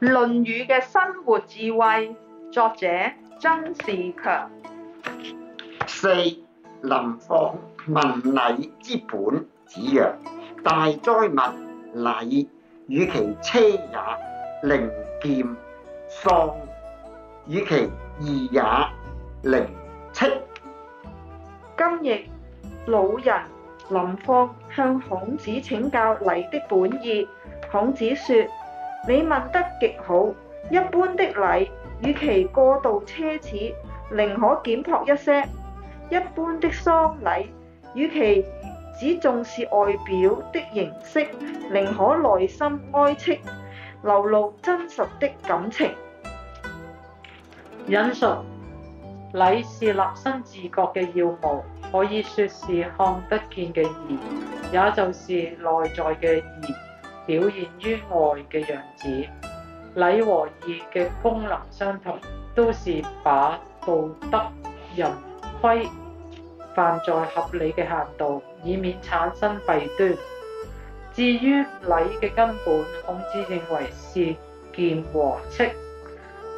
《論語》嘅生活智慧，作者曾仕強。四林放問禮之本，子曰：大哉問！禮，與其奢也，寧儉；喪，與其易也，寧戚。今譯，老人林放向孔子請教禮的本意，孔子說。你問得極好，一般的禮，與其過度奢侈，寧可簡樸一些；一般的喪禮，與其只重視外表的形式，寧可內心哀戚，流露真實的感情。引述禮是立身自覺嘅要務，可以說是看得見嘅義，也就是內在嘅義。表現於外嘅樣子，禮和義嘅功能相同，都是把道德仁規範在合理嘅限度，以免產生弊端。至於禮嘅根本，孔子認為是儉和戚，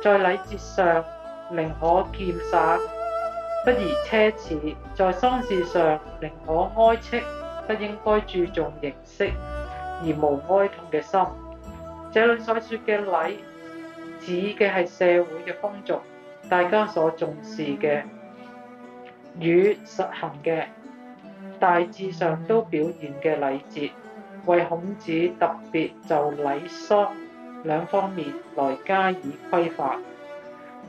在禮節上，寧可儉省，不宜奢侈；在喪事上，寧可哀戚，不應該注重形式。而無哀痛嘅心，這裡所説嘅禮，指嘅係社會嘅風俗，大家所重視嘅與實行嘅，大致上都表現嘅禮節，為孔子特別就禮喪兩方面來加以規範。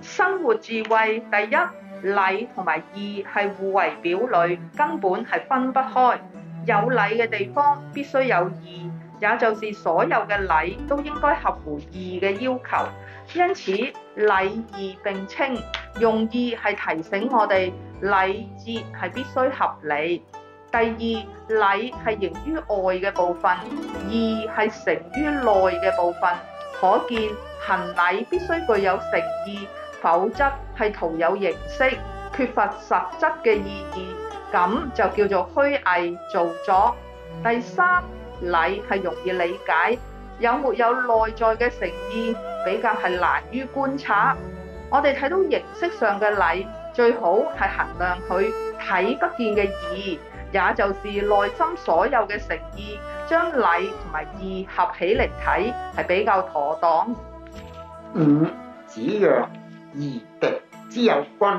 生活智慧第一，禮同埋義係互為表裏，根本係分不開。有禮嘅地方必須有義。也就是所有嘅禮都應該合乎義嘅要求，因此禮義並稱，用義係提醒我哋禮節係必須合理。第二，禮係形於外嘅部分，義係成於內嘅部分。可見行禮必須具有誠意，否則係徒有形式，缺乏實質嘅意義，咁就叫做虛偽造作。第三。禮係容易理解，有沒有內在嘅誠意比較係難於觀察。我哋睇到形式上嘅禮，最好係衡量佢睇不見嘅義，也就是內心所有嘅誠意。將禮同埋義合起嚟睇，係比較妥當。五、嗯、子曰：夷狄之有君，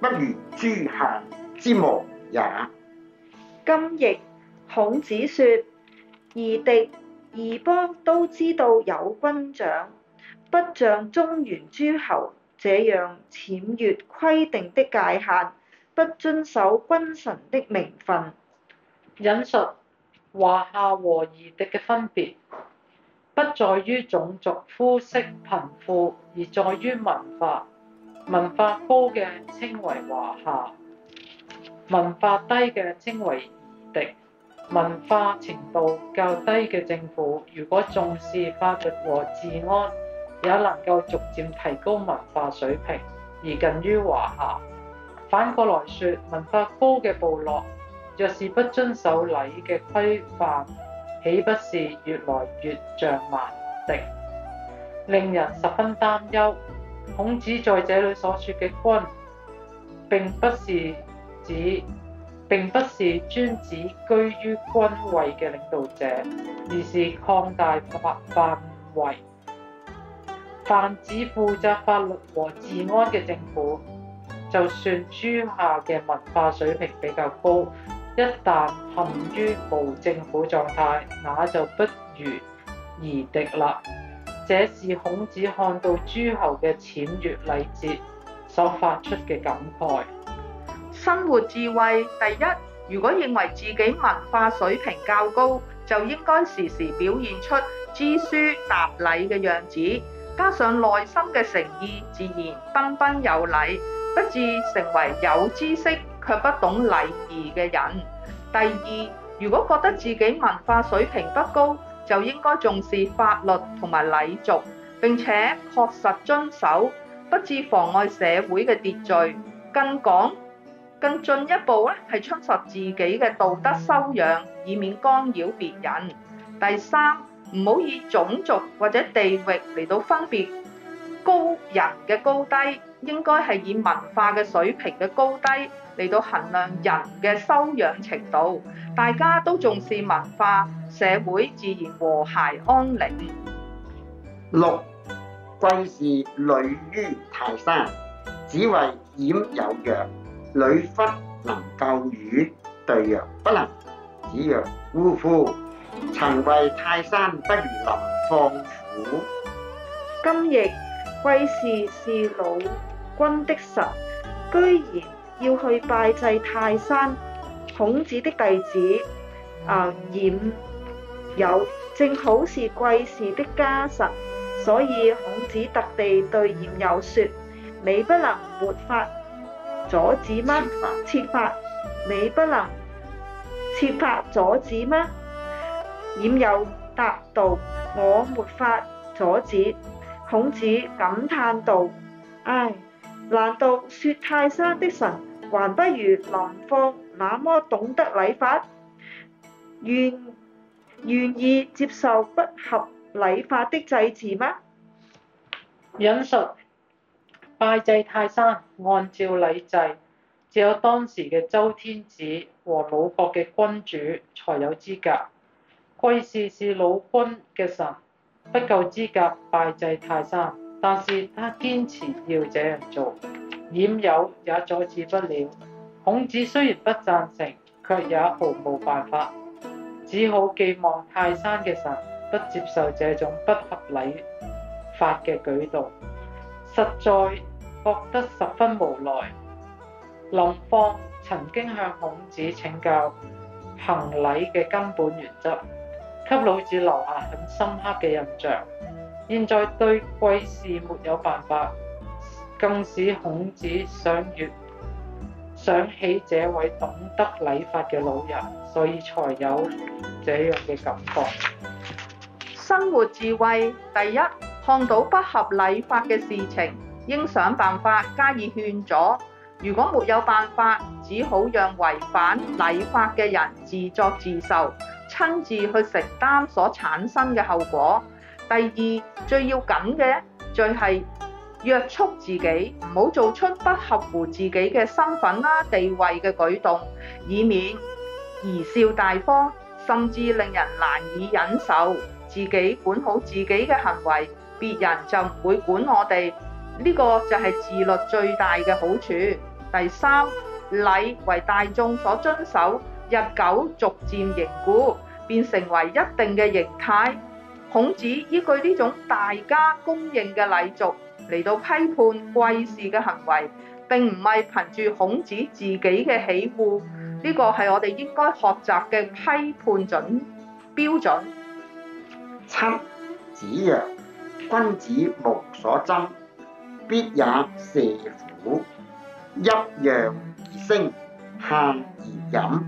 不如諸夏之亡也。今譯，孔子說。夷狄、夷邦都知道有君長，不像中原諸侯這樣僭越規定的界限，不遵守君臣的名分。引述華夏和夷狄嘅分別，不在於種族、膚色、貧富，而在於文化。文化高嘅稱為華夏，文化低嘅稱為夷狄。文化程度較低嘅政府，如果重視法律和治安，也能夠逐漸提高文化水平，而近於華夏。反過來說，文化高嘅部落，若是不遵守禮嘅規範，豈不是越來越像蠻敵，令人十分擔憂。孔子在這裡所說嘅君，並不是指。並不是專指居於君位嘅領導者，而是擴大法範圍，泛指負責法律和治安嘅政府。就算諸夏嘅文化水平比較高，一旦陷於無政府狀態，那就不如夷狄啦。這是孔子看到諸侯嘅僭越禮節所發出嘅感慨。生活智慧第一，如果認為自己文化水平較高，就應該時時表現出知書達禮嘅樣子，加上內心嘅誠意，自然彬彬有禮，不至成為有知識卻不懂禮儀嘅人。第二，如果覺得自己文化水平不高，就應該重視法律同埋禮俗，並且確實遵守，不至妨礙社會嘅秩序。更講更進一步咧，係充實自己嘅道德修養，以免干擾別人。第三，唔好以種族或者地域嚟到分別高人嘅高低，應該係以文化嘅水平嘅高低嚟到衡量人嘅修養程度。大家都重視文化、社會、自然和諧安寧。六，季氏旅於泰山，子謂冉有曰。女，弗能救與？對曰，不能。子曰：嗚呼！曾為泰山不如林放乎？今亦季氏是魯君的臣，居然要去拜祭泰山。孔子的弟子啊，冉有正好是季氏的家臣，所以孔子特地對冉有說：你不能沒法。阻止嗎？設法你不能設法，切法阻止嗎？冉有答道，我沒法阻止。孔子感嘆道：，唉，難道説泰山的神還不如林放那麼懂得禮法？願願意接受不合禮法的祭祀嗎？隱熟。拜祭泰山，按照禮制，只有當時嘅周天子和魯國嘅君主才有資格。季氏是魯君嘅神，不夠資格拜祭泰山，但是他堅持要這樣做，冉有也阻止不了。孔子雖然不贊成，卻也毫無辦法，只好寄望泰山嘅神不接受這種不合理法嘅舉動。實在。覺得十分無奈。林放曾經向孔子請教行禮嘅根本原則，給老子留下很深刻嘅印象。現在對季氏沒有辦法，更使孔子想越想起這位懂得禮法嘅老人，所以才有這樣嘅感覺。生活智慧第一，看到不合禮法嘅事情，應想辦法加以勸阻，如果沒有辦法，只好讓違反禮法嘅人自作自受，親自去承擔所產生嘅後果。第二，最要緊嘅就係約束自己，唔好做出不合乎自己嘅身份啦地位嘅舉動，以免貽笑大方，甚至令人難以忍受。自己管好自己嘅行為，別人就唔會管我哋。呢個就係自律最大嘅好處。第三，禮為大眾所遵守，日久逐漸凝固，變成為一定嘅形態。孔子依據呢種大家公認嘅禮俗嚟到批判季氏嘅行為，並唔係憑住孔子自己嘅喜惡。呢個係我哋應該學習嘅批判準標準。七，子曰：君子無所爭。必也射乎，揖讓而升，下而飲，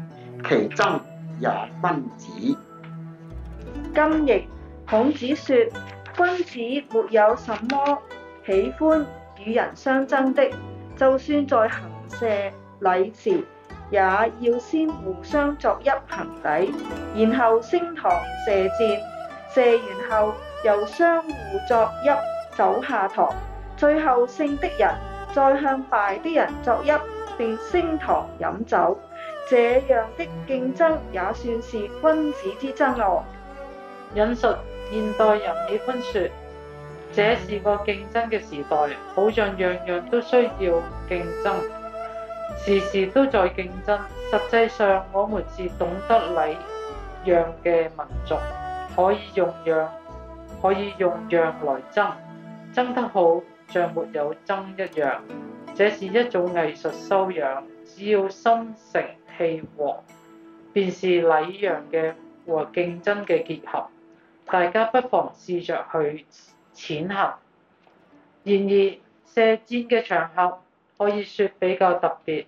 其爭也君子。今譯孔子說，君子沒有什麼喜歡與人相爭的，就算在行射禮時，也要先互相作揖行禮，然後升堂射箭，射完後又相互作揖走下堂。最後勝的人再向敗的人作揖，便升堂飲酒。這樣的競爭也算是君子之爭哦、啊。引述現代人喜歡說：這是個競爭嘅時代，好像樣樣，樣樣都需要競爭，時時都在競爭。實際上，我們是懂得禮讓嘅民族，可以用讓，可以用讓來爭，爭得好。像沒有爭一樣，這是一種藝術修養。只要心誠氣和，便是禮讓嘅和競爭嘅結合。大家不妨試着去踐行。然而射箭嘅場合，可以說比較特別，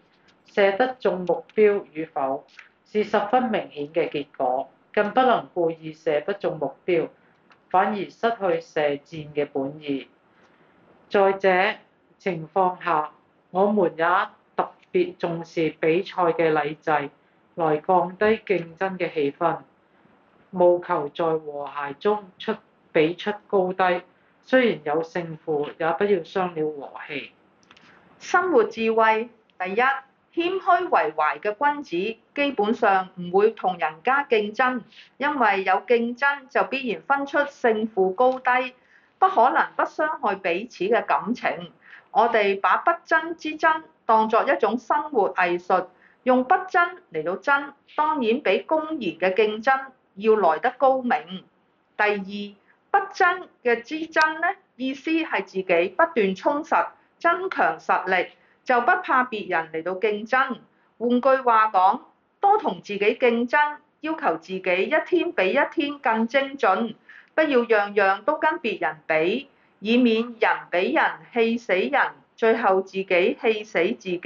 射得中目標與否，是十分明顯嘅結果。更不能故意射不中目標，反而失去射箭嘅本意。在這情況下，我們也特別重視比賽嘅禮制，來降低競爭嘅氣氛。務求在和諧中出比出高低，雖然有勝負，也不要傷了和氣。生活智慧第一，謙虛為懷嘅君子，基本上唔會同人家競爭，因為有競爭就必然分出勝負高低。不可能不傷害彼此嘅感情。我哋把不爭之爭當作一種生活藝術，用不爭嚟到爭，當然比公然嘅競爭要來得高明。第二，不爭嘅之爭呢，意思係自己不斷充實、增強實力，就不怕別人嚟到競爭。換句話講，多同自己競爭，要求自己一天比一天更精準。不要樣樣都跟別人比，以免人比人氣死人，最後自己氣死自己。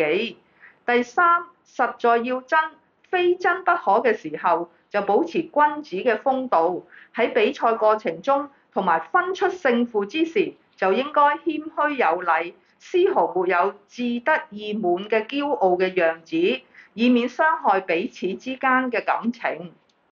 第三，實在要爭，非爭不可嘅時候，就保持君子嘅風度。喺比賽過程中，同埋分出勝負之時，就應該謙虛有禮，絲毫沒有自得意滿嘅驕傲嘅樣子，以免傷害彼此之間嘅感情。